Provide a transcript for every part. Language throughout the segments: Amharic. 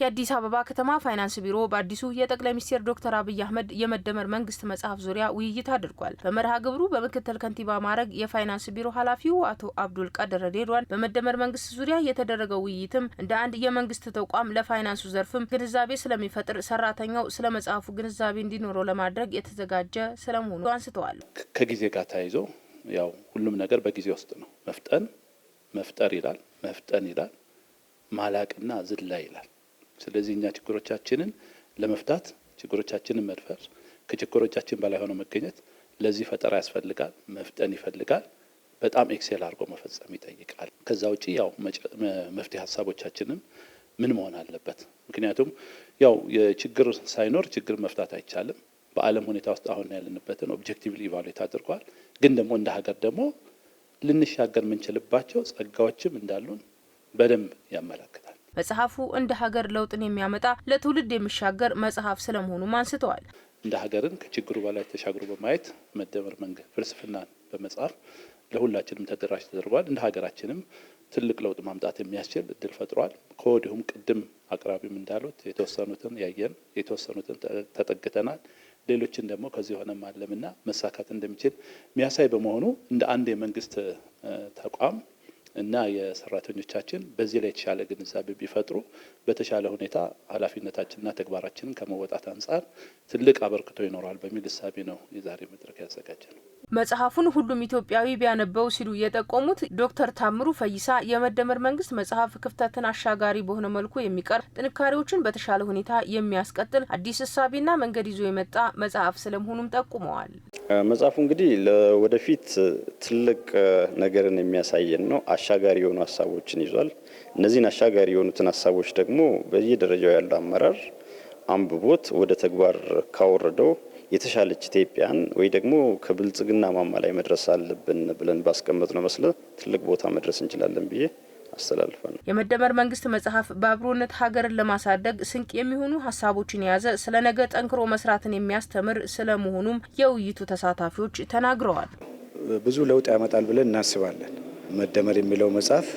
የአዲስ አበባ ከተማ ፋይናንስ ቢሮ በአዲሱ የጠቅላይ ሚኒስትር ዶክተር አብይ አህመድ የመደመር መንግስት መጽሐፍ ዙሪያ ውይይት አድርጓል። በመርሃ ግብሩ በምክትል ከንቲባ ማዕረግ የፋይናንስ ቢሮ ኃላፊው አቶ አብዱል ቀድር ሬድዋን በመደመር መንግስት ዙሪያ የተደረገው ውይይትም እንደ አንድ የመንግስት ተቋም ለፋይናንሱ ዘርፍም ግንዛቤ ስለሚፈጥር ሰራተኛው ስለ መጽሐፉ ግንዛቤ እንዲኖረው ለማድረግ የተዘጋጀ ስለመሆኑ አንስተዋል። ከጊዜ ጋር ተያይዞ ያው ሁሉም ነገር በጊዜ ውስጥ ነው። መፍጠን መፍጠር ይላል መፍጠን ይላል ማላቅና ዝላ ይላል ስለዚህ እኛ ችግሮቻችንን ለመፍታት ችግሮቻችንን መድፈር ከችግሮቻችን በላይ ሆኖ መገኘት ለዚህ ፈጠራ ያስፈልጋል፣ መፍጠን ይፈልጋል፣ በጣም ኤክሴል አድርጎ መፈጸም ይጠይቃል። ከዛ ውጭ ያው መፍትሄ ሀሳቦቻችንም ምን መሆን አለበት? ምክንያቱም ያው የችግር ሳይኖር ችግር መፍታት አይቻልም። በዓለም ሁኔታ ውስጥ አሁን ያለንበትን ኦብጀክቲቭሊ ኢቫሉዌት አድርጓል። ግን ደግሞ እንደ ሀገር ደግሞ ልንሻገር የምንችልባቸው ጸጋዎችም እንዳሉን በደንብ ያመላክታል። መጽሐፉ እንደ ሀገር ለውጥን የሚያመጣ ለትውልድ የሚሻገር መጽሐፍ ስለመሆኑም አንስተዋል። እንደ ሀገርን ከችግሩ በላይ ተሻግሮ በማየት መደመር መንገድ ፍልስፍናን በመጻፍ ለሁላችንም ተደራሽ ተደርጓል። እንደ ሀገራችንም ትልቅ ለውጥ ማምጣት የሚያስችል እድል ፈጥሯል። ከወዲሁም ቅድም አቅራቢም እንዳሉት የተወሰኑትን ያየን፣ የተወሰኑትን ተጠግተናል። ሌሎችን ደግሞ ከዚህ የሆነ ማለምና መሳካት እንደሚችል የሚያሳይ በመሆኑ እንደ አንድ የመንግስት ተቋም እና የሰራተኞቻችን በዚህ ላይ የተሻለ ግንዛቤ ቢፈጥሩ በተሻለ ሁኔታ ኃላፊነታችንና ተግባራችንን ከመወጣት አንጻር ትልቅ አበርክቶ ይኖራል በሚል እሳቤ ነው የዛሬ መድረክ ያዘጋጀ ነው። መጽሐፉን ሁሉም ኢትዮጵያዊ ቢያነበው ሲሉ የጠቆሙት ዶክተር ታምሩ ፈይሳ የመደመር መንግስት መጽሐፍ ክፍተትን አሻጋሪ በሆነ መልኩ የሚቀር ጥንካሬዎችን በተሻለ ሁኔታ የሚያስቀጥል አዲስ እሳቤና መንገድ ይዞ የመጣ መጽሐፍ ስለመሆኑም ጠቁመዋል። መጽሐፉ እንግዲህ ለወደፊት ትልቅ ነገርን የሚያሳየን ነው። አሻጋሪ የሆኑ ሀሳቦችን ይዟል። እነዚህን አሻጋሪ የሆኑትን ሀሳቦች ደግሞ በየደረጃው ያለው አመራር አንብቦት ወደ ተግባር ካወረደው የተሻለች ኢትዮጵያን ወይ ደግሞ ከብልጽግና ማማ ላይ መድረስ አለብን ብለን ባስቀመጥ ነው መስለ ትልቅ ቦታ መድረስ እንችላለን ብዬ አስተላልፋል። የመደመር መንግስት መጽሐፍ በአብሮነት ሀገርን ለማሳደግ ስንቅ የሚሆኑ ሀሳቦችን የያዘ ስለ ነገ ጠንክሮ መስራትን የሚያስተምር ስለመሆኑም የውይይቱ ተሳታፊዎች ተናግረዋል። ብዙ ለውጥ ያመጣል ብለን እናስባለን። መደመር የሚለው መጽሐፍ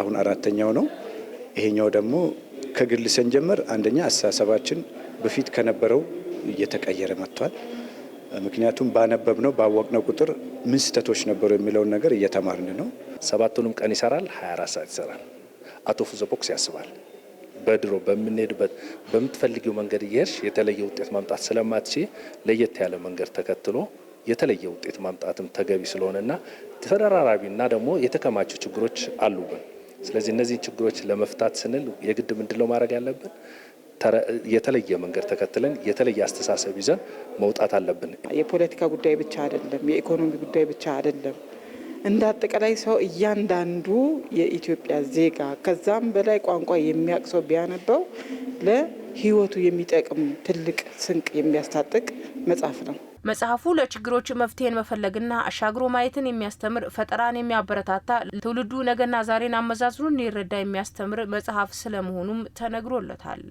አሁን አራተኛው ነው። ይሄኛው ደግሞ ከግል ስንጀምር አንደኛ አስተሳሰባችን በፊት ከነበረው እየተቀየረ መጥቷል። ምክንያቱም ባነበብ ነው ባወቅነው ቁጥር ምን ስህተቶች ነበሩ የሚለውን ነገር እየተማርን ነው። ሰባቱንም ቀን ይሰራል፣ 24 ሰዓት ይሰራል። አቶ ፉ ቦክስ ያስባል። በድሮ በምንሄድበት በምትፈልጊው መንገድ እየሄድሽ የተለየ ውጤት ማምጣት ስለማትች ለየት ያለ መንገድ ተከትሎ የተለየ ውጤት ማምጣትም ተገቢ ስለሆነና ተደራራቢና ደግሞ የተከማቸው ችግሮች አሉብን። ስለዚህ እነዚህን ችግሮች ለመፍታት ስንል የግድ ምንድለው ነው ማድረግ ያለብን? የተለየ መንገድ ተከትለን የተለየ አስተሳሰብ ይዘን መውጣት አለብን። የፖለቲካ ጉዳይ ብቻ አይደለም፣ የኢኮኖሚ ጉዳይ ብቻ አይደለም። እንደ አጠቃላይ ሰው እያንዳንዱ የኢትዮጵያ ዜጋ ከዛም በላይ ቋንቋ የሚያውቅ ሰው ቢያነበው ለሕይወቱ የሚጠቅም ትልቅ ስንቅ የሚያስታጥቅ መጽሐፍ ነው። መጽሐፉ ለችግሮች መፍትሄን መፈለግና አሻግሮ ማየትን የሚያስተምር ፈጠራን የሚያበረታታ ትውልዱ ነገና ዛሬን አመዛዝኖ እንዲረዳ የሚያስተምር መጽሐፍ ስለመሆኑም ተነግሮለታል።